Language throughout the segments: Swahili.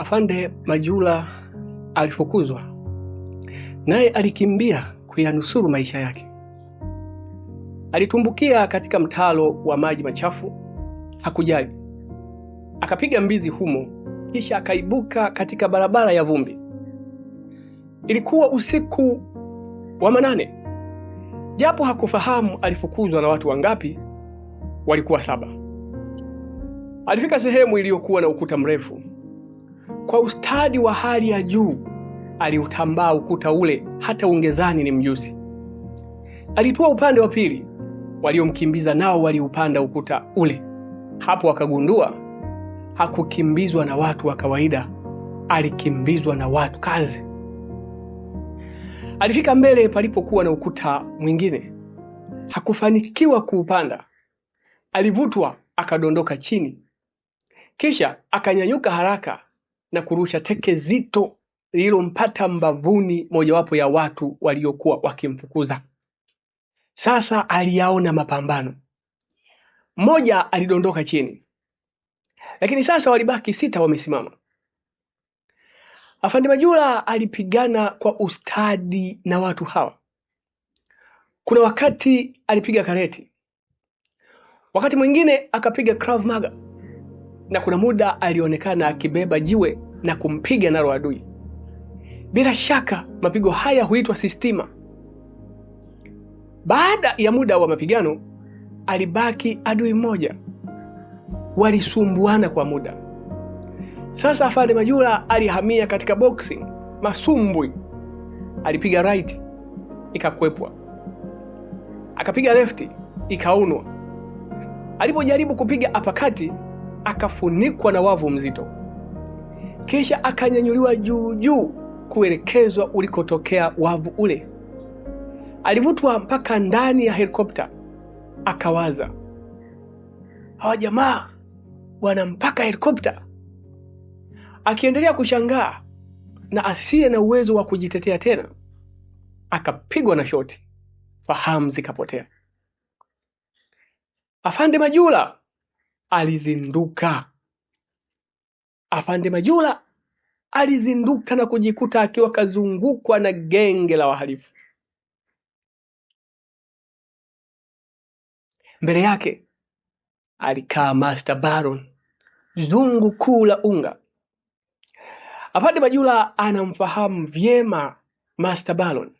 Afande Majula alifukuzwa, naye alikimbia kuyanusuru maisha yake. Alitumbukia katika mtalo wa maji machafu, hakujali, akapiga mbizi humo, kisha akaibuka katika barabara ya vumbi. Ilikuwa usiku wa manane. Japo hakufahamu alifukuzwa na watu wangapi, walikuwa saba. Alifika sehemu iliyokuwa na ukuta mrefu kwa ustadi wa hali ya juu aliutambaa ukuta ule, hata ungezani ni mjusi. Alitua upande wa pili, waliomkimbiza nao waliupanda ukuta ule. Hapo akagundua hakukimbizwa na watu wa kawaida, alikimbizwa na watu kazi. Alifika mbele palipokuwa na ukuta mwingine, hakufanikiwa kuupanda. Alivutwa akadondoka chini, kisha akanyanyuka haraka na kurusha teke zito lililompata mbavuni mojawapo ya watu waliokuwa wakimfukuza. Sasa aliyaona mapambano, mmoja alidondoka chini, lakini sasa walibaki sita wamesimama. Afande Majura alipigana kwa ustadi na watu hawa. Kuna wakati alipiga kareti wakati mwingine akapiga Krav Maga na kuna muda alionekana akibeba jiwe na kumpiga nalo adui. Bila shaka mapigo haya huitwa sistima. Baada ya muda wa mapigano, alibaki adui mmoja. Walisumbuana kwa muda. Sasa afande Majura alihamia katika boxing, masumbwi. Alipiga right ikakwepwa, akapiga lefti ikaunwa. Alipojaribu kupiga apakati akafunikwa na wavu mzito, kisha akanyanyuliwa juu juu kuelekezwa ulikotokea wavu ule. Alivutwa mpaka ndani ya helikopta, akawaza, hawa jamaa wana mpaka helikopta. Akiendelea kushangaa na asiye na uwezo wa kujitetea tena, akapigwa na shoti, fahamu zikapotea. Afande Majula alizinduka. Afande majula alizinduka na kujikuta akiwa kazungukwa na genge la wahalifu. Mbele yake alikaa Master Baron, zungu kuu la unga. Afande Majura anamfahamu vyema Master Baron.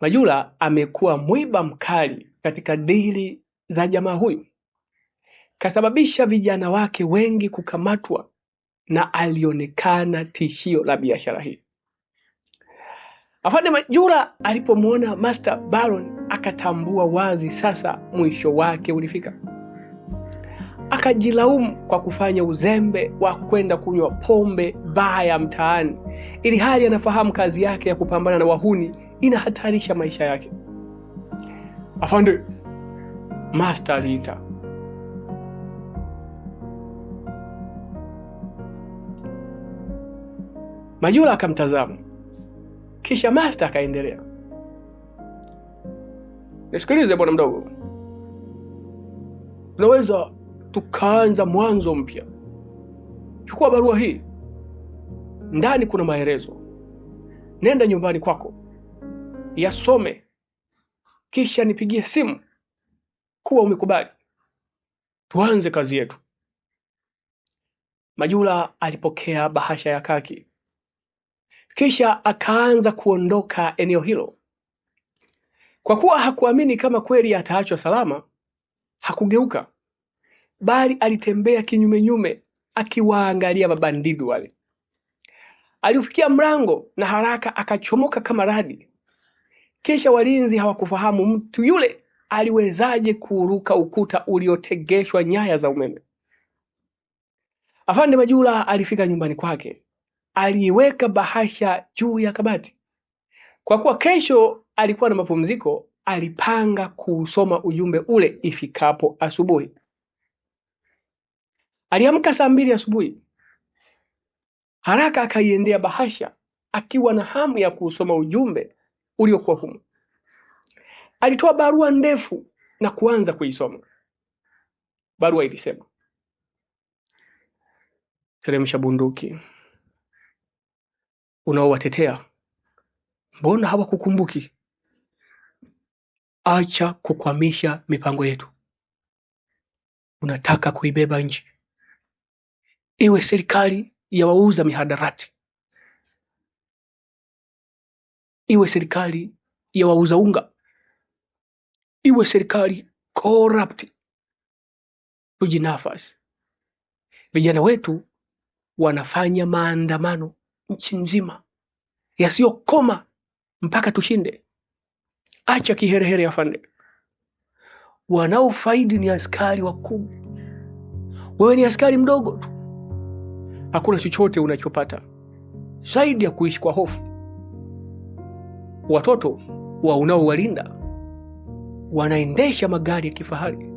majula amekuwa mwiba mkali katika dili za jamaa huyu kasababisha vijana wake wengi kukamatwa na alionekana tishio la biashara hii. Afande Majura alipomwona Master Baron akatambua wazi sasa mwisho wake ulifika. Akajilaumu kwa kufanya uzembe wa kwenda kunywa pombe baa ya mtaani, ili hali anafahamu kazi yake ya kupambana na wahuni inahatarisha maisha yake. Afande, Master aliita Majula akamtazama, kisha Masta akaendelea, nisikilize bwana mdogo, tunaweza tukaanza mwanzo mpya. Chukua barua hii, ndani kuna maelezo. Nenda nyumbani kwako yasome, kisha nipigie simu kuwa umekubali, tuanze kazi yetu. Majula alipokea bahasha ya kaki kisha akaanza kuondoka eneo hilo. Kwa kuwa hakuamini kama kweli ataachwa salama, hakugeuka bali alitembea kinyumenyume akiwaangalia mabandidu wale. Aliufikia mlango na haraka akachomoka kama radi. Kisha walinzi hawakufahamu mtu yule aliwezaje kuruka ukuta uliotegeshwa nyaya za umeme. Afande Majula alifika nyumbani kwake aliiweka bahasha juu ya kabati. Kwa kuwa kesho alikuwa na mapumziko, alipanga kuusoma ujumbe ule ifikapo asubuhi. Aliamka saa mbili asubuhi, haraka akaiendea bahasha akiwa na hamu ya kuusoma ujumbe uliokuwa humo. Alitoa barua ndefu na kuanza kuisoma. Barua ilisema: teremsha bunduki unaowatetea mbona hawakukumbuki? Acha kukwamisha mipango yetu. Unataka kuibeba nchi, iwe serikali ya wauza mihadarati, iwe serikali ya wauza unga, iwe serikali corrupt. Tujinafasi, vijana wetu wanafanya maandamano nchi nzima yasiyokoma mpaka tushinde. Acha kiherehere, afande. Wanaofaidi ni askari wakubwa, wewe ni askari mdogo tu. Hakuna chochote unachopata zaidi ya kuishi kwa hofu. Watoto wa unaowalinda wanaendesha magari ya kifahari,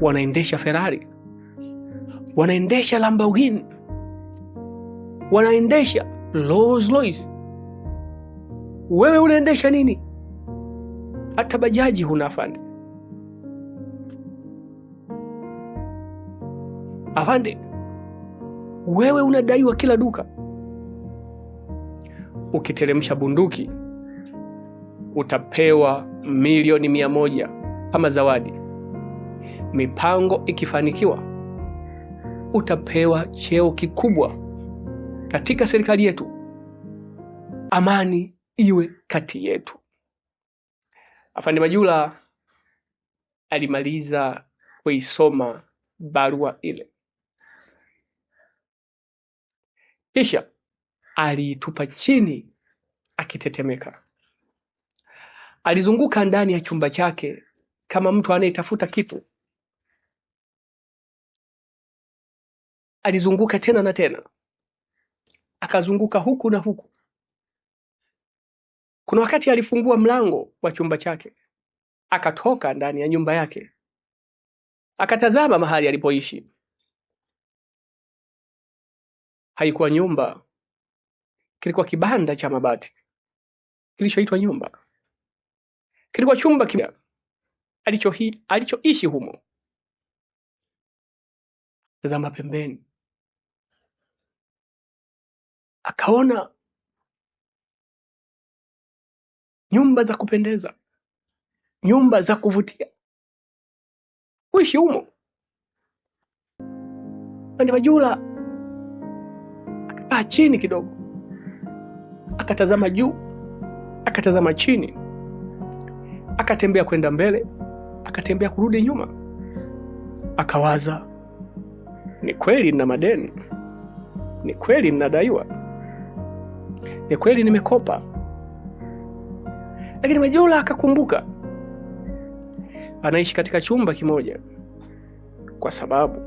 wanaendesha Ferrari, wanaendesha Lamborghini wanaendesha Rolls Royce, wewe unaendesha nini? Hata bajaji huna afande. Afande, wewe unadaiwa kila duka. Ukiteremsha bunduki utapewa milioni mia moja kama zawadi. Mipango ikifanikiwa utapewa cheo kikubwa katika serikali yetu, amani iwe kati yetu. Afande Majula alimaliza kuisoma barua ile, kisha aliitupa chini akitetemeka. Alizunguka ndani ya chumba chake kama mtu anayetafuta kitu. Alizunguka tena na tena, akazunguka huku na huku. Kuna wakati alifungua mlango wa chumba chake akatoka ndani ya nyumba yake akatazama mahali alipoishi. Haikuwa nyumba, kilikuwa kibanda cha mabati kilichoitwa nyumba. Kilikuwa chumba kimoja alichoishi alicho humo. Tazama pembeni, akaona nyumba za kupendeza, nyumba za kuvutia, uishi humo. Pande Majula akapaa chini kidogo, akatazama juu, akatazama chini, akatembea kwenda mbele, akatembea kurudi nyuma, akawaza, ni kweli nina madeni, ni kweli ninadaiwa, ni kweli nimekopa lakini majola akakumbuka anaishi katika chumba kimoja kwa sababu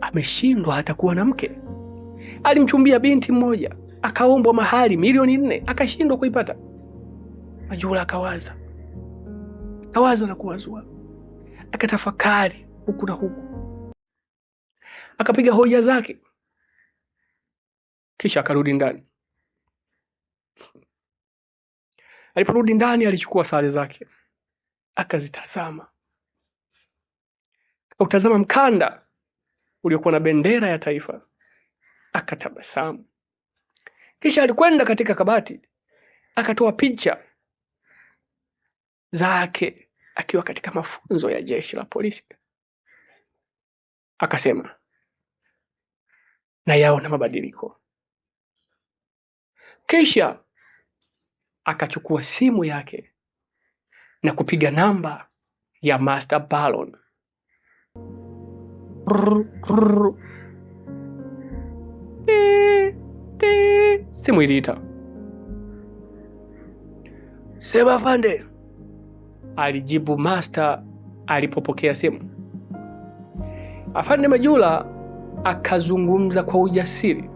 ameshindwa hata kuwa na mke alimchumbia binti mmoja akaombwa mahali milioni nne akashindwa kuipata majula akawaza kawaza na kuwazua akatafakari huku na huku akapiga hoja zake kisha akarudi ndani aliporudi ndani alichukua sare zake akazitazama akautazama mkanda uliokuwa na bendera ya taifa akatabasamu kisha alikwenda katika kabati akatoa picha zake akiwa katika mafunzo ya jeshi la polisi akasema nayaona mabadiliko kisha akachukua simu yake na kupiga namba ya Master Balon. Simu iliita. Sema afande, alijibu Master alipopokea simu. Afande Majula akazungumza kwa ujasiri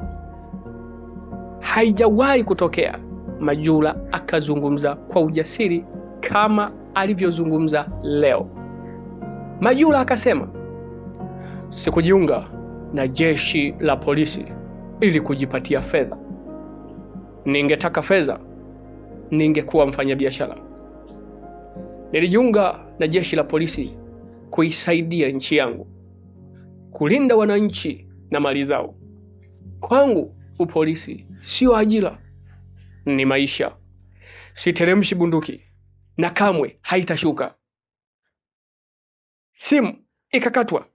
haijawahi kutokea majula akazungumza kwa ujasiri kama alivyozungumza leo. majula akasema, sikujiunga na jeshi la polisi ili kujipatia fedha. Ningetaka fedha, ningekuwa mfanyabiashara. Nilijiunga na jeshi la polisi kuisaidia nchi yangu, kulinda wananchi na mali zao. Kwangu Upolisi sio ajira, ni maisha. Siteremshi bunduki na kamwe haitashuka. Simu ikakatwa